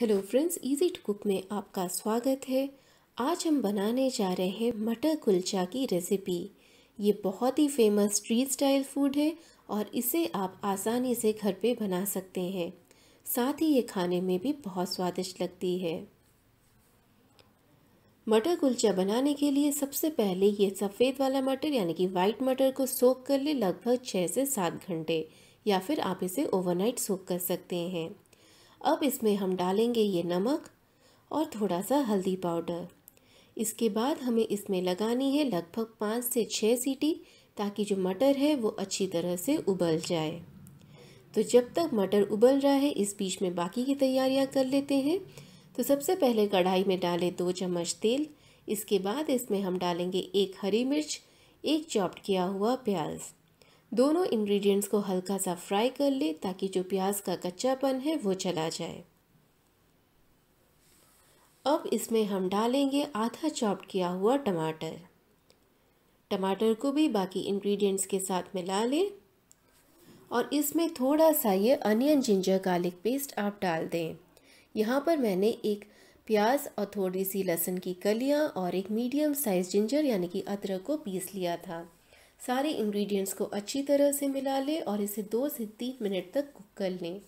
hello friends easy to cook में आपका स्वागत है आज हम बनाने जा रहे हैं मटर कुलचा की रेसिपी ये बहुत ही फेमस स्ट्रीट स्टाइल फूड है और इसे आप आसानी से घर पे बना सकते हैं साथ ही ये खाने में भी बहुत स्वादिष्ट लगती है मटर कुलचा बनाने के लिए सबसे पहले ये सफ़ेद वाला मटर यानी कि वाइट मटर को सोख कर ले लगभग छः से सात घंटे या फिर आप इसे ओवरनाइट सोख कर सकते हैं अब इसमें हम डालेंगे ये नमक और थोड़ा सा हल्दी पाउडर इसके बाद हमें इसमें लगानी है लगभग पाँच से छः सीटी ताकि जो मटर है वो अच्छी तरह से उबल जाए तो जब तक मटर उबल रहा है इस बीच में बाकी की तैयारियां कर लेते हैं तो सबसे पहले कढ़ाई में डालें दो चम्मच तेल इसके बाद इसमें हम डालेंगे एक हरी मिर्च एक चॉप्ट किया हुआ प्याज़ दोनों इंग्रेडिएंट्स को हल्का सा फ्राई कर ले ताकि जो प्याज का कच्चापन है वो चला जाए अब इसमें हम डालेंगे आधा चॉप्ड किया हुआ टमाटर टमाटर को भी बाकी इंग्रेडिएंट्स के साथ मिला लें और इसमें थोड़ा सा ये अनियन जिंजर गार्लिक पेस्ट आप डाल दें यहाँ पर मैंने एक प्याज और थोड़ी सी लहसुन की कलियाँ और एक मीडियम साइज़ जिंजर यानी कि अदरक को पीस लिया था सारे इंग्रेडिएंट्स को अच्छी तरह से मिला लें और इसे दो से तीन मिनट तक कुक कर लें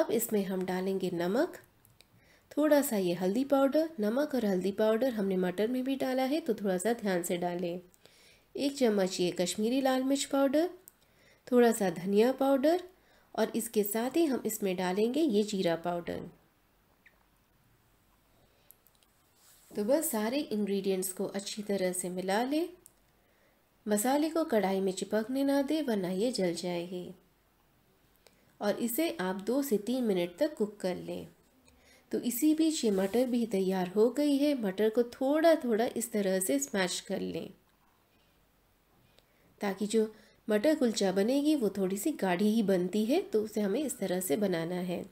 अब इसमें हम डालेंगे नमक थोड़ा सा ये हल्दी पाउडर नमक और हल्दी पाउडर हमने मटर में भी डाला है तो थोड़ा सा ध्यान से डालें एक चम्मच ये कश्मीरी लाल मिर्च पाउडर थोड़ा सा धनिया पाउडर और इसके साथ ही हम इसमें डालेंगे ये जीरा पाउडर तो बस सारे इंग्रेडिएंट्स को अच्छी तरह से मिला लें मसाले को कढ़ाई में चिपकने ना दे वरना ये जल जाएगी और इसे आप दो से तीन मिनट तक कुक कर लें तो इसी बीच ये मटर भी तैयार हो गई है मटर को थोड़ा थोड़ा इस तरह से स्मैश कर लें ताकि जो मटर कुलचा बनेगी वो थोड़ी सी गाढ़ी ही बनती है तो उसे हमें इस तरह से बनाना है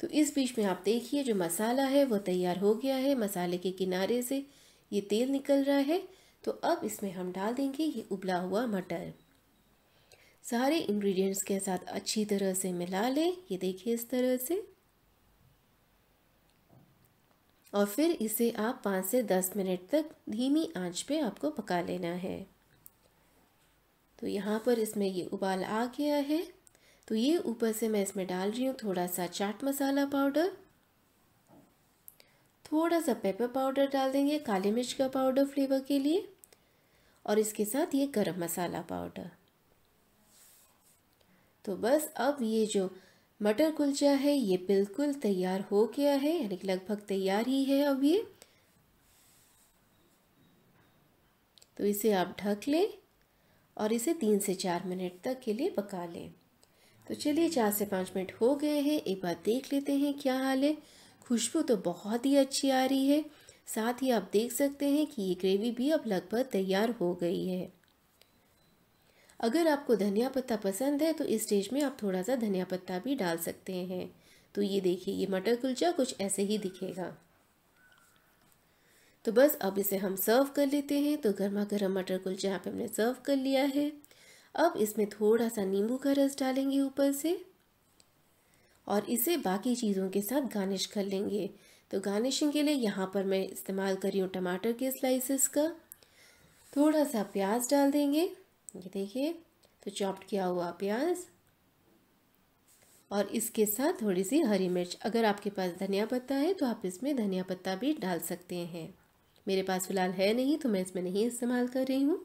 तो इस बीच में आप देखिए जो मसाला है वो तैयार हो गया है मसाले के किनारे से ये तेल निकल रहा है तो अब इसमें हम डाल देंगे ये उबला हुआ मटर सारे इंग्रेडिएंट्स के साथ अच्छी तरह से मिला लें ये देखिए इस तरह से और फिर इसे आप पाँच से दस मिनट तक धीमी आंच पे आपको पका लेना है तो यहाँ पर इसमें ये उबाल आ गया है तो ये ऊपर से मैं इसमें डाल रही हूँ थोड़ा सा चाट मसाला पाउडर थोड़ा सा पेपर पाउडर डाल देंगे काली मिर्च का पाउडर फ्लेवर के लिए और इसके साथ ये गरम मसाला पाउडर तो बस अब ये जो मटर कुलचा है ये बिल्कुल तैयार हो गया है यानी कि लगभग तैयार ही है अब ये तो इसे आप ढक लें और इसे तीन से चार मिनट तक के लिए पका लें तो चलिए चार से पाँच मिनट हो गए हैं एक बार देख लेते हैं क्या हाल है खुशबू तो बहुत ही अच्छी आ रही है साथ ही आप देख सकते हैं कि ये ग्रेवी भी अब लगभग तैयार हो गई है अगर आपको धनिया पत्ता पसंद है तो इस स्टेज में आप थोड़ा सा धनिया पत्ता भी डाल सकते हैं तो ये देखिए ये मटर कुलचा कुछ ऐसे ही दिखेगा तो बस अब इसे हम सर्व कर लेते हैं तो गर्मा गर्म मटर कुलचा यहाँ पे हमने सर्व कर लिया है अब इसमें थोड़ा सा नींबू का रस डालेंगे ऊपर से और इसे बाकी चीज़ों के साथ गार्निश कर लेंगे तो गार्निशिंग के लिए यहाँ पर मैं इस्तेमाल करी हूँ टमाटर के स्लाइसेस का थोड़ा सा प्याज डाल देंगे ये देखिए तो चॉप्ड किया हुआ प्याज और इसके साथ थोड़ी सी हरी मिर्च अगर आपके पास धनिया पत्ता है तो आप इसमें धनिया पत्ता भी डाल सकते हैं मेरे पास फ़िलहाल है नहीं तो मैं इसमें नहीं इस्तेमाल कर रही हूँ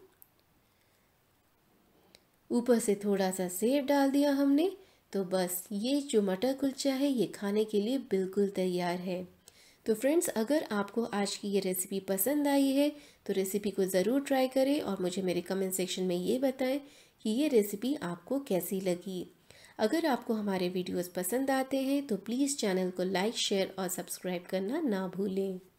ऊपर से थोड़ा सा सेब डाल दिया हमने तो बस ये जो मटर कुलचा है ये खाने के लिए बिल्कुल तैयार है तो फ्रेंड्स अगर आपको आज की ये रेसिपी पसंद आई है तो रेसिपी को ज़रूर ट्राई करें और मुझे मेरे कमेंट सेक्शन में ये बताएं कि ये रेसिपी आपको कैसी लगी अगर आपको हमारे वीडियोस पसंद आते हैं तो प्लीज़ चैनल को लाइक शेयर और सब्सक्राइब करना ना भूलें